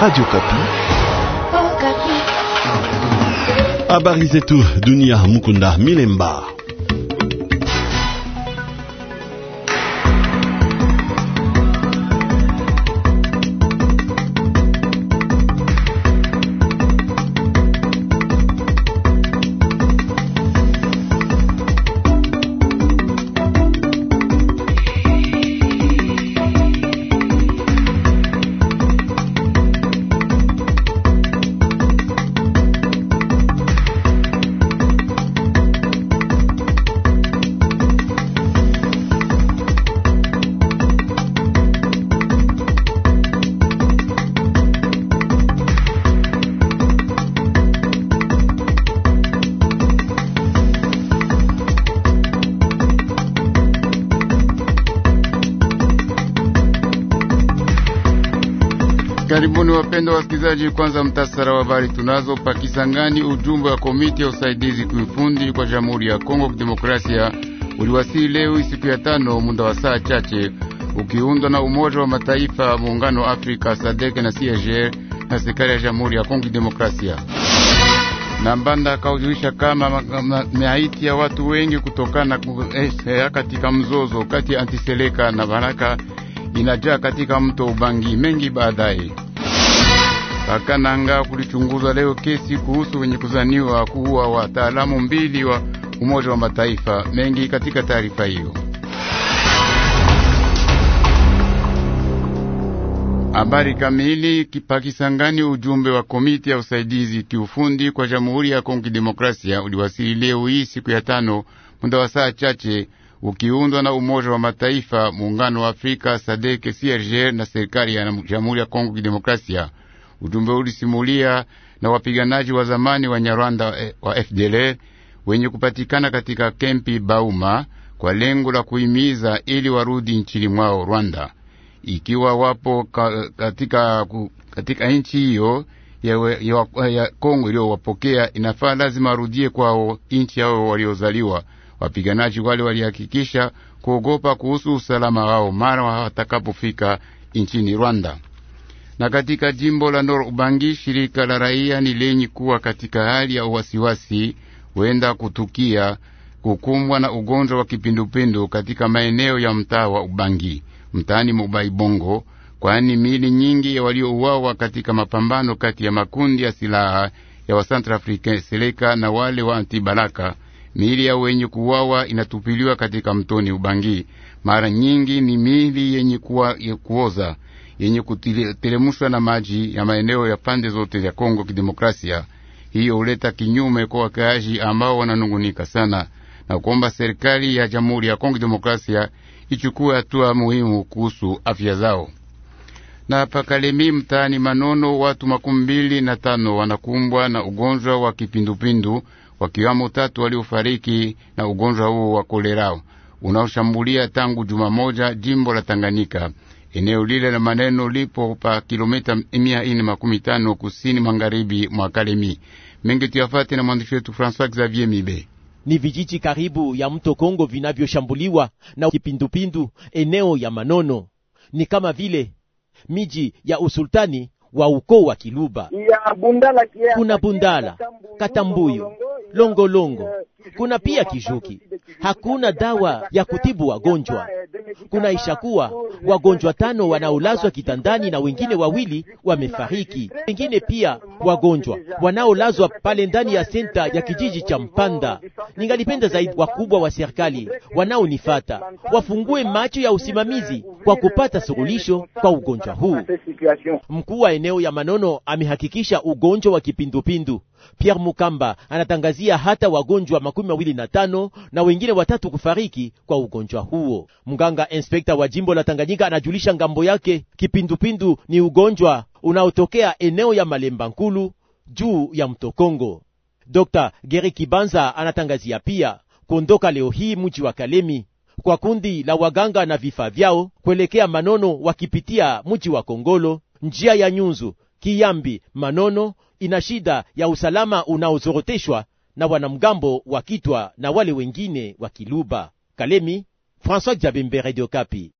Radio oh, Kapi. Habari zetu dunia, Mukunda Milemba. wapendwa wasikilizaji, kwanza mtasara wa habari tunazo. Pakisangani, ujumbe wa komiti ya usaidizi kiufundi kwa Jamhuri ya Kongo Kidemokrasia uliwasili leo siku ya tano muda wa saa chache, ukiundwa na Umoja wa Mataifa, Muungano wa Afrika, Sadeke na CIAGR na serikali ya Jamhuri ya Kongo Kidemokrasia. Nambanda akaujulisha kama maiti ya watu wengi kutokana eh, katika mzozo kati ya Antiseleka na Baraka inajaa katika mto Ubangi mengi baadaye Pakananga kulichunguza leo kesi kuhusu wenye kuzaniwa kuua wataalamu mbili wa Umoja wa Mataifa. Mengi katika taarifa hiyo. Habari kamili kipakisangani. Ujumbe wa komiti ya usaidizi kiufundi kwa Jamhuri ya Kongo Demokrasia uliwasili leo hii siku ya tano muda wa saa chache, ukiundwa na Umoja wa Mataifa, Muungano wa Afrika, Sadeke, CIRGL na serikali ya Jamhuri ya Kongo Kidemokrasia. Ujumbe ulisimulia na wapiganaji wa zamani wa Nyarwanda eh, wa FDLR wenye kupatikana katika kempi Bauma kwa lengo la kuhimiza ili warudi nchini mwao Rwanda, ikiwa wapo ka, katika, katika nchi hiyo ya, ya, ya Kongo iliyowapokea inafaa lazima warudie kwao nchi yao waliozaliwa. Wapiganaji wale walihakikisha kuogopa kuhusu usalama wao mara watakapofika nchini Rwanda. Na katika jimbo la Nor Ubangi, shirika la raia ni lenye kuwa katika hali ya uwasiwasi wenda kutukia kukumbwa na ugonjwa wa kipindupindu katika maeneo ya mtaa wa Ubangi mtaani Mubaibongo, kwani miili nyingi ya waliouawa katika mapambano kati ya makundi ya silaha ya Wasantrafrikain Seleka na wale wa Antibalaka, miili ya wenye kuwawa inatupiliwa katika mtoni Ubangi. Mara nyingi ni miili yenye kuwa, kuoza yenye kuteremshwa na maji ya maeneo ya pande zote ya Kongo Kidemokrasia. Hiyo huleta kinyume kwa wakaaji ambao wananungunika sana na kuomba serikali ya Jamhuri ya Kongo Demokrasia ichukue hatua muhimu kuhusu afya zao. Na pakalemi mtaani Manono, watu makumi mbili na tano wanakumbwa na ugonjwa wa kipindupindu, wakiwamo tatu waliofariki na ugonjwa huo wa kolerao unaoshambulia tangu juma moja jimbo la Tanganyika. Eneo lile la maneno lipo pa kilomita mia ine makumi tano kusini magharibi mwa Kalemi. Mengi tuyafate na mwandishi wetu Francois Xavier Mibe ni vijiji karibu ya mto Kongo vinavyoshambuliwa na kipindupindu. Eneo ya Manono ni kama vile miji ya usultani wa ukoo wa Kiluba. Kuna Bundala, Katambuyu, longolongo, kuna pia kijuki. Hakuna dawa ya kutibu wagonjwa. Kuna ishakuwa wagonjwa tano wanaolazwa kitandani na wengine wawili wamefariki. Wengine pia wagonjwa wanaolazwa pale ndani ya senta ya kijiji cha Mpanda. Ningalipenda zaidi wakubwa wa serikali wanaonifata wafungue macho ya usimamizi kwa kupata suluhisho kwa ugonjwa huu. Mkuu wa eneo ya Manono amehakikisha ugonjwa wa kipindupindu Pierre Mukamba anatangazia hata wagonjwa makumi mawili na tano na wengine watatu kufariki kwa ugonjwa huo. Mganga inspekta wa jimbo la Tanganyika anajulisha ngambo yake, kipindupindu ni ugonjwa unaotokea eneo ya Malemba Nkulu juu ya mto Kongo. Dr. Geri Kibanza anatangazia pia kuondoka leo hii mji wa Kalemi kwa kundi la waganga na vifaa vyao kuelekea Manono wakipitia mji wa Kongolo njia ya Nyunzu Kiyambi Manono ina shida ya usalama unaozoroteshwa na wanamgambo wa Kitwa na wale wengine wa Kiluba. Kalemi, François Jabembe, Radio Kapi.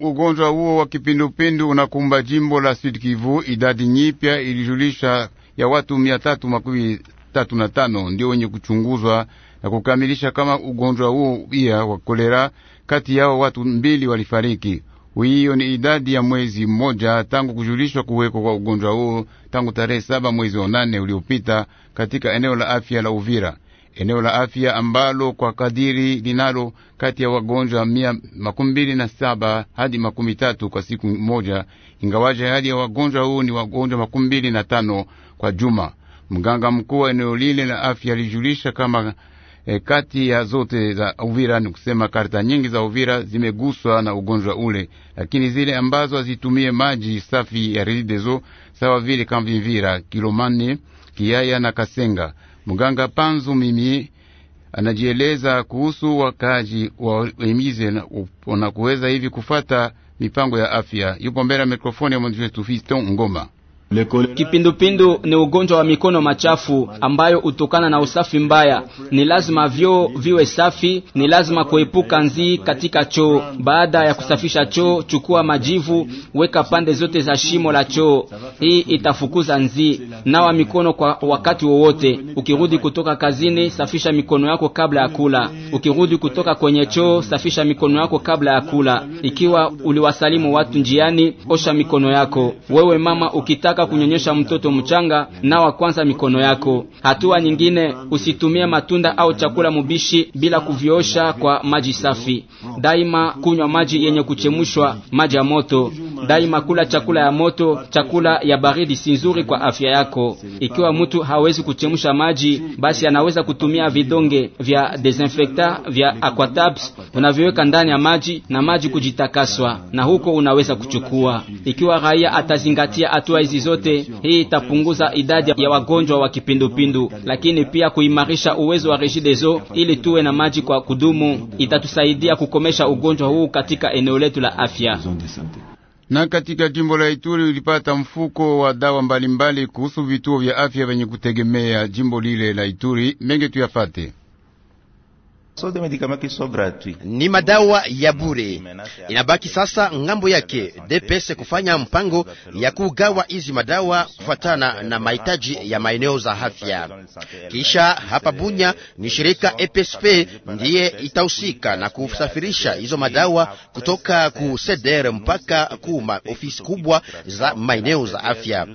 Ugonjwa huo wa kipindupindu unakumba jimbo la Sud Kivu. Idadi nyipya ilijulisha ya watu mia tatu makumi tatu na tano ndio wenye kuchunguzwa na kukamilisha kama ugonjwa huo pia wa kolera. Kati yao watu mbili walifariki. Hiyo ni idadi ya mwezi mmoja tangu kujulishwa kuweko kwa ugonjwa huo tangu tarehe saba mwezi wa nane uliopita katika eneo la afya la Uvira, eneo la afya ambalo kwa kadiri linalo kati ya wagonjwa mia makumi mbili na saba hadi makumi tatu kwa siku moja, ingawaje hali ya wagonjwa huu ni wagonjwa makumi mbili na tano kwa juma. Mganga mkuu wa eneo lile la afya alijulisha kama E, kati ya zote za Uvira ni kusema karta nyingi za Uvira zimeguswa na ugonjwa ule, lakini zile ambazo hazitumie maji safi ya Regideso sawa vile Kamvimvira, Kilomane, Kiaya na Kasenga. Mganga Panzu mimi anajieleza kuhusu wakaji wahimize na, na kuweza hivi kufata mipango ya afya. Yupo mbele ya mikrofoni ya mwandishi wetu Fiston Ngoma. Kipindupindu ni ugonjwa wa mikono machafu ambayo hutokana na usafi mbaya. Ni lazima vyoo viwe safi, ni lazima kuepuka nzi katika choo. Baada ya kusafisha choo, chukua majivu, weka pande zote za shimo la choo. Hii itafukuza nzi. Nawa mikono kwa wakati wowote. Ukirudi kutoka kazini, safisha mikono yako kabla ya kula. Ukirudi kutoka kwenye choo, safisha mikono yako kabla ya kula. Ikiwa uliwasalimu watu njiani, osha mikono yako. Wewe mama, ukitaka unataka kunyonyesha mtoto mchanga, nawa kwanza mikono yako. Hatua nyingine, usitumie matunda au chakula mubishi bila kuviosha kwa maji safi. Daima kunywa maji yenye kuchemshwa, maji ya moto. Daima kula chakula ya moto. Chakula ya baridi si nzuri kwa afya yako. Ikiwa mtu hawezi kuchemsha maji, basi anaweza kutumia vidonge vya desinfecta vya aquatabs unaviweka ndani ya maji na maji kujitakaswa, na huko unaweza kuchukua. Ikiwa raia atazingatia hatua hizi zote. Hii itapunguza idadi ya wagonjwa wa kipindupindu, lakini pia kuimarisha uwezo wa Regideso ili tuwe na maji kwa kudumu. Itatusaidia kukomesha ugonjwa huu katika eneo letu la afya. Na katika jimbo la Ituri ulipata mfuko wa dawa mbalimbali kuhusu vituo vya afya vyenye kutegemea jimbo lile la Ituri. Mengi tuyafate ni madawa ya bure. Inabaki sasa ngambo yake DPS kufanya mpango ya kugawa hizi madawa kufuatana na mahitaji ya maeneo za afya. Kisha hapa Bunya ni shirika EPSP ndiye itahusika na kusafirisha hizo madawa kutoka ku CDR mpaka ku ofisi kubwa za maeneo za afya.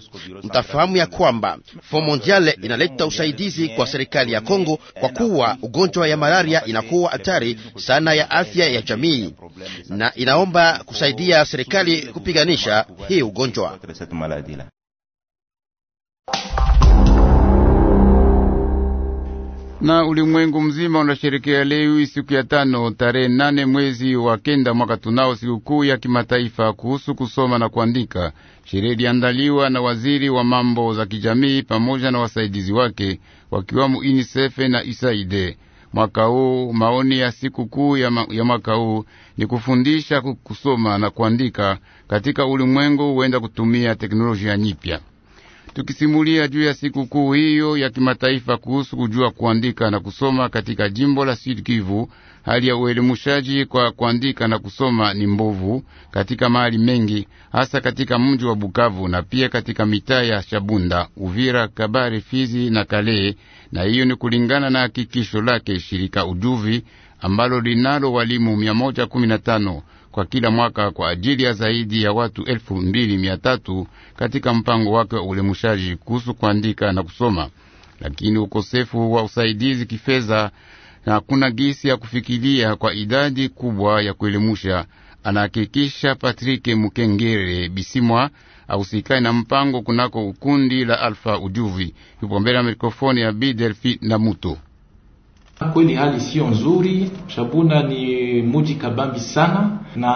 Mtafahamu ya kwamba Fond Mondial inaleta usaidizi kwa serikali ya Kongo kwa kuwa ugonjwa ya malaria inakuwa hatari sana ya afya ya jamii, na inaomba kusaidia serikali kupiganisha hii ugonjwa. na ulimwengu mzima unasherekea leo siku ya tano tarehe nane mwezi wa kenda mwaka tunao sikukuu ya kimataifa kuhusu kusoma na kuandika. Sherehe iliandaliwa na waziri wa mambo za kijamii pamoja na wasaidizi wake wakiwamo UNICEF na USAID mwaka huu. Maoni ya siku kuu ya, ma, ya mwaka huu ni kufundisha kusoma na kuandika katika ulimwengu huenda kutumia teknolojia nyipya tukisimulia juu ya sikukuu hiyo ya kimataifa kuhusu kujua kuandika na kusoma katika jimbo la Sud Kivu. Hali ya uelimushaji kwa kuandika na kusoma ni mbovu katika mahali mengi, hasa katika mji wa Bukavu na pia katika mitaa ya Shabunda, Uvira, Kabare, Fizi na Kale, na hiyo ni kulingana na hakikisho lake shirika Ujuvi ambalo linalo walimu 115 kwa kila mwaka kwa ajili ya zaidi ya watu elfu mbili mia tatu katika mpango wake wa ulemushaji kuhusu kuandika na kusoma, lakini ukosefu wa usaidizi kifedha na hakuna gisi ya kufikilia kwa idadi kubwa ya kuelimisha, anahakikisha Patrick Mukengere Bisimwa ausikani na mpango kunako ukundi la Alfa Ujuvi. Yupo mbele ya mikrofoni ya Bidelfi na Muto. Kweli hali sio nzuri. Shabuna ni muji kabambi sana, na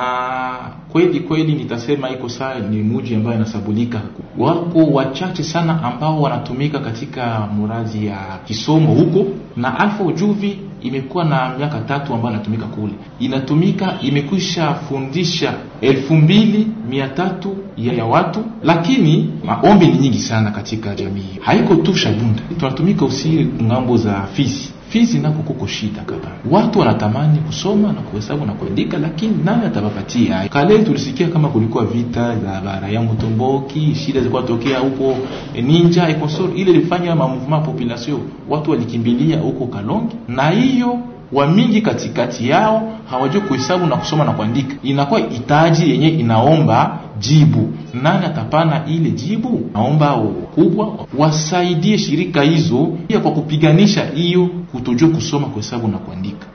kweli kweli nitasema iko saa ni muji ambayo inasabulika. Wako wachache sana ambao wanatumika katika murazi ya kisomo huko, na Alfa Ujuvi imekuwa na miaka tatu ambayo inatumika kule, inatumika imekwisha fundisha elfu mbili mia tatu ya, ya watu, lakini maombi ni nyingi sana katika jamii, haiko tu Shabunda, tunatumika usi ngambo za fisi Fizi nako kuko shida kadhaa, watu wanatamani kusoma na kuhesabu na kuandika, lakini nani atawapatia hayo? Kale tulisikia kama kulikuwa vita za baraya Mutomboki, shida zilikuwa tokea huko eh, Ninja Ekosor, ile ilifanya mamuvuma population, watu walikimbilia huko Kalongi na hiyo wa mingi katikati yao hawajui kuhesabu na kusoma na kuandika. Inakuwa itaji yenye inaomba jibu. Nani atapana ile jibu? Naomba wakubwa wasaidie shirika hizo pia kwa kupiganisha hiyo kutojua kusoma, kuhesabu na kuandika.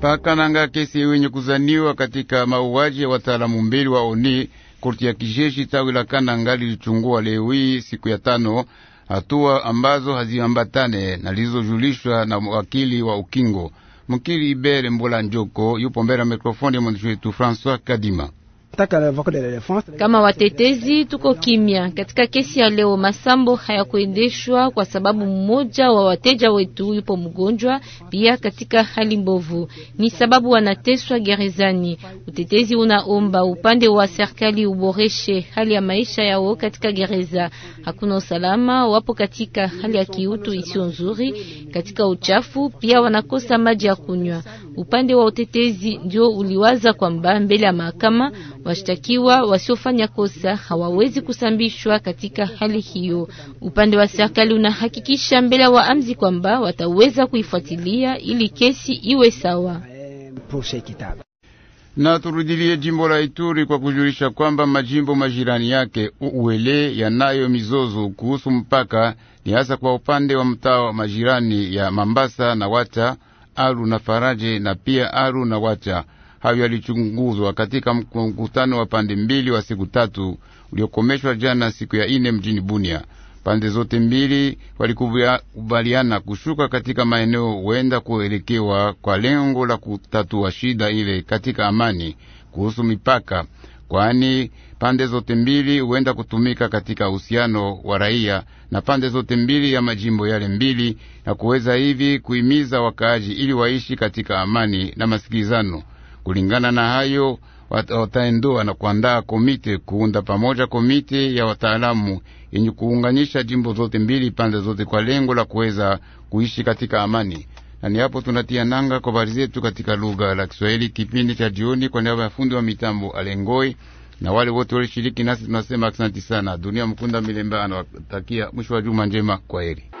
Pakananga kesi wenye kuzaniwa katika mauaji ya wataalamu mbili wa oni, korti ya kijeshi tawi la Kananga lilichungua leo hii siku ya tano hatua ambazo haziambatane nalizojulishwa na wakili wa ukingo mkili Ibere Mbola Njoko yupo mbele ya mikrofoni ya mwandishi wetu François Kadima. Kama watetezi tuko kimya katika kesi ya leo. Masambo hayakuendeshwa kwa sababu mmoja wa wateja wetu yupo mgonjwa pia katika hali mbovu, ni sababu wanateswa gerezani. Utetezi unaomba upande wa serikali uboreshe hali ya maisha yao katika gereza. Hakuna usalama, wapo katika hali ya kiutu isiyo nzuri, katika uchafu, pia wanakosa maji ya kunywa. Upande wa utetezi ndio uliwaza kwamba mbele ya mahakama Washtakiwa wasiofanya kosa hawawezi kusambishwa katika hali hiyo. Upande wa serikali unahakikisha mbele wa amzi kwamba wataweza kuifuatilia ili kesi iwe sawa. Na turudilie jimbo la Ituri kwa kujulisha kwamba majimbo majirani yake uwele yanayo mizozo kuhusu mpaka, ni hasa kwa upande wa mtaa wa majirani ya Mambasa na Wacha, Aru na Faraje na pia Aru na Wacha hayo yalichunguzwa katika mkutano wa pande mbili wa siku tatu uliokomeshwa jana siku ya ine mjini Bunia. Pande zote mbili walikubaliana kushuka katika maeneo huenda kuelekewa kwa lengo la kutatua shida ile katika amani kuhusu mipaka, kwani pande zote mbili huenda kutumika katika uhusiano wa raia na pande zote mbili ya majimbo yale mbili, na kuweza hivi kuhimiza wakaaji ili waishi katika amani na masikilizano. Kulingana na hayo, wataendua na kuandaa komite kuunda pamoja komite ya wataalamu yenye kuunganisha jimbo zote mbili pande zote kwa lengo la kuweza kuishi katika amani. Na ni hapo tunatia nanga kwa habari zetu katika lugha la Kiswahili kipindi cha jioni. Kwa niaba ya fundi wa mitambo Alengoi na wale wote walishiriki nasi, tunasema asante sana. Dunia Mkunda Milemba anawatakia mwisho wa juma njema. Kwa heri.